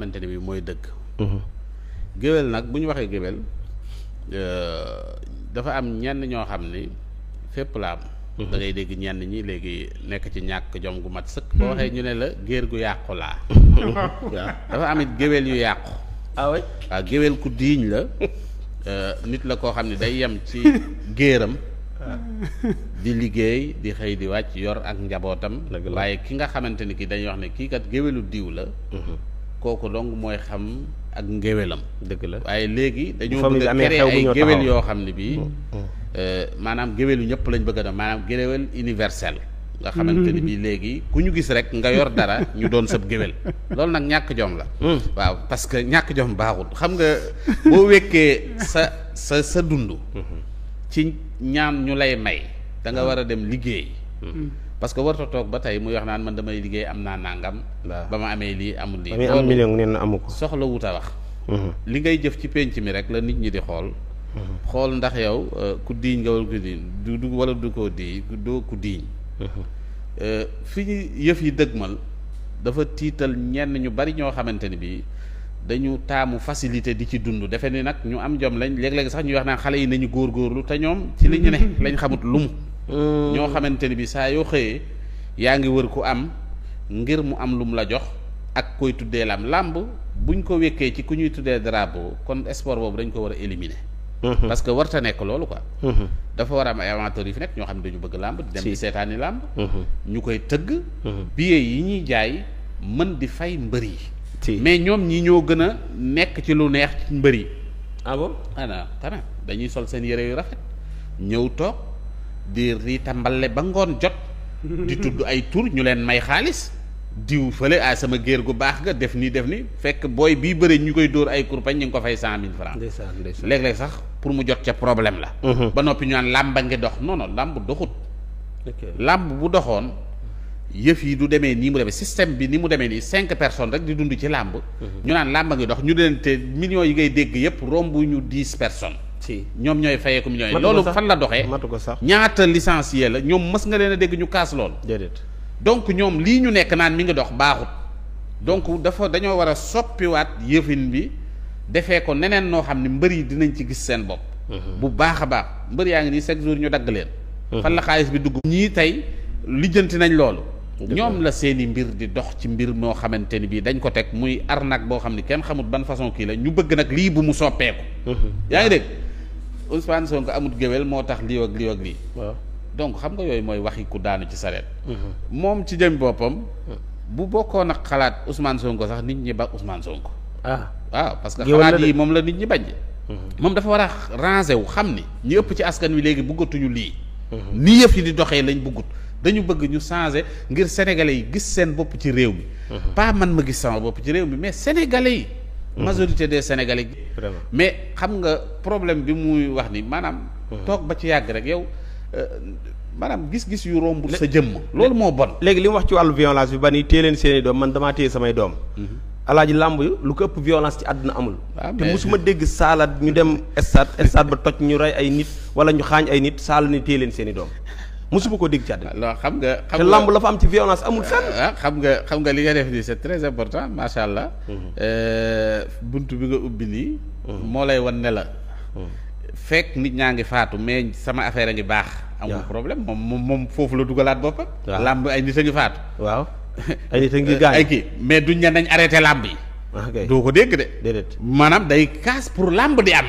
xamante ne bi mooy dëkk mhm. géwél nag bu ñu waxee géwél euh, dafa am ñenn ñoo xam ni fépp la am mhm. da dégg ñenn ñi léegi nekk ci ñàkk jom gu mat sëkk mhm. boo waxee ñu ne la géer gu yàqu laa dafa am géwél yu yàqu ah géwél ku diiñ la euh, nit la koo xam ne day yem ci géeram ah. di liggéey di xëy di wàcc yor ak njabootam waaye ki nga xamante ni ki dañuy wax ne kii kat géwélu diw la kooku dong mooy xam ak ngéwélam dëgg la waaye léegi dañoo bëgg a créer ay géwél yoo xam ne bii mm. euh, maanaam géwélu ñëpp lañ bëgg a doon maanaam géwél universel nga xamante ni mm. bii léegi ku ñu gis rek nga yor dara ñu doon sab géwél loolu nag ñàkk jom la mm. waaw parce que ñàkk jom baaxul xam nga boo wekkee sa sa sa dund mm-hmm. ci ñaan ñu lay may danga war a dem liggéey parce que warta toog ba tey muy wax naan man damay liggéey am naa nàngam ba ma amee lii amul lii am million nee na amu ko soxla wut a mhm. li ngay jëf ci pénc mi rek la nit ñi di xool mhm. xool ndax yow euh, ku diiñ nga wala du du wala du koo diiñ doo ku diiñ mhm. euh, fi ñu yëf yi dëgmal dafa tiital ñenn ñu bari ñoo xamante ni bii dañu taamu facilité di ci dund defe ni nag ñu am jom lañ léeg-léeg sax ñuy wax naan xale yi nañu góorlu te ñoom ci li ñu ne lañ xamut lu mu Euh, ñoo xamante ni bi saa yoo xëyee yaa ngi wër ku am ngir mu am lu mu la jox ak koy tuddee lam làmb buñ ko wekkee ci ku ñuy tuddee drapeau kon sport boobu dañ ko war a éliminer. Mhm. parce que warta nekk loolu quoi. Mhm. dafa war a am ay amateurs nekk ñoo xam ne dañu bëgg làmb di dem di seetaani làmb mhm. ñu koy tëgg. billets yi ñuy jaay mën di fay mbër yi. mais ñoom ñi ñoo gën a nekk ci lu neex ci mbër yi. ah bon ah dañuy sol seen yére yu rafet ñëw toog. di riitambale ba ngoon jot di tudd ay tur ñu leen may xaalis diw fële ah sama géer gu baax nga def nii def ni fekk booy bii bëri ñu koy dóor ay kurpañ ñu ngi ko fay cent mille francs léeg-léeg sax pour mu jot ca problème la mhm. ba noppi ñu naan làmba ngi dox non non làmb doxut làmb bu doxoon yëf yi du demee nii mu demee système bi ni mu demee nii cinq personnes rek di dund ci làmb mhm. ñu naan làmba ngi dox ñu leen te millions yi ngay dégg yëpp rombu ñu dix si ñoom ñooy fayeeku millions yi loolu fan la doxee matu ko sax ñaata licencié la ñoom mës nga leen a dégg ñu kaas lool déedéet donc ñoom lii ñu nekk naan mi ngi dox baaxut donc dafa dañoo war a soppiwaat yëfin bi defee ko neneen noo xam ne mbër yi dinañ ci gis seen bopp mhm. bu baax a baax mbër yaa ngi nii chaque jour ñu dagg leen mhm. fan la xaalis bi dugg ñii tey lijjanti nañ loolu ñoom la seeni mbir di dox ci mbir moo xamante ni bii dañ ko teg muy arnaque boo xam ne kenn xamul ban façon kii la ñu bëgg nag lii bu mu soppeeku mhm. Ousmane Sonko amut géwel moo tax lii ak lii ak lii. donc xam nga yooyu mooy waxi daanu ci sareet. Mhm. moom ci jëm boppam. Mhm. bu bokkoon ak xalaat Ousmane Sonko sax nit ñi ba Ousmane sonk ah waaw parce que xalaat yi moom la nit ñi bañ. Mhm. moom dafa war a ranger wu xam ni ñu ëpp ci askan wi léegi buggatuñu lii. ni yëf yi di doxee lañ bëggut dañu bëgg ñu changer ngir sénégalais yi gis seen bopp ci réew mi. pas man ma gis sama bopp ci réew mi mais sénégalais yi. Mhm. majorité des sénégalais vraiment mais xam nga problème bi muy wax ni maanaam mhm. toog ba ci yàgg rek yow euh, maanaam gis-gis yu romb sa jëmm loolu moo bon léegi li mu wax ci wàllu violence bi ba ni tee leen seeni doom man damaa téye samay doom mhm. alaaji làmb yu lu ko ëpp violence ci àdduna amul ah, te mosuma dégg saalaat ñu dem stade stade ba toj ñu rey ay nit wala ñu xaañ ay nit saala ni téye leen seeni doom musuma ko dégg ci àddina loo xam nga te lamb la am ci violence amul fenn ah, ah, xam nga xam nga li nga def nii c'est très important macha allah mhm. euh, bunt bi nga ubbi nii mhm. moo lay won ne la mhm. fekk nit ñaa ngi faatu mais sama affaire a ngi baax amul problème moom moom moom foofu la dugalaat boppam lamb ay nit a ngi faatu waaw a mais duñ ne dañ arrêté lamb yi doo ko dégg de maanaam day kaas pour lamb di am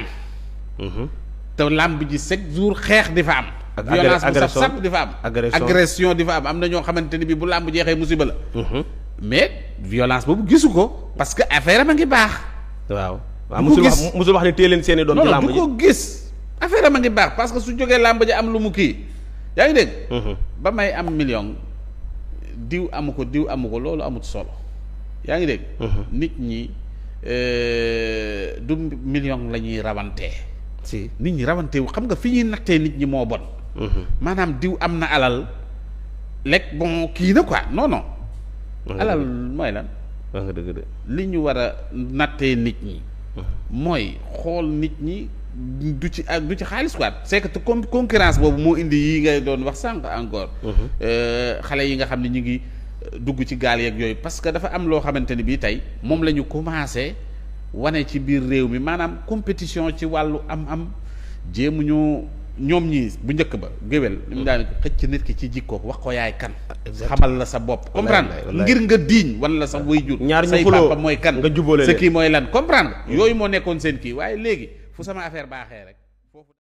te lamb ji chaque jour xeex di fa am ak violence bu saf sap di fa am. agression di fa am am na ñoo xamante ni bi bu làmb jeexee musiba la. Mhm. mais violence boobu gisu ko. parce que affaire am a ngi baax. waaw waaw musul wax musul wax ne téye leen seen i doom. ci làmb ji non du ko gis. affaire am a ngi baax parce que su jógee làmb ji am lu mu kii yaa ngi dégg. Mhm. ba may am million diw amu ko diw amu ko loolu amut solo yaa ngi dégg. Mhm. nit ñi euh, du million la ñuy rawantee. si nit ñi rawante wu xam nga fi ñuy nattee nit ñi moo bon. maanaam diw am na alal lekk bon kii na quoi non non. alal mooy la wax dëgg li ñu war a nattee nit ñi. mooy xool nit ñi du ci ak du ci xaalis quoi c'est que con concurrence boobu moo indi yi ngay doon wax sànq encore. Mhm. Euh, xale yi nga xam ne ñu ngi dugg ci gaal yeeg yooyu parce que dafa am loo xamante ni bii tey moom la ñu commencé wane ci biir réew mi maanaam compétition ci wàllu am-am jéemuñu. ñoom ñii bu njëkk ba géwél li mu daan xëcc nit ki ci jikkooku wax ko yaay kan xamal la sa bopp comprendre ngir nga diiñ wan la sax way jur ñaar say papa mooy kan nga jubóole sa kii mooy lan comprendre yooyu moo nekkoon seen kii waaye léegi fu sama affaire baaxee rek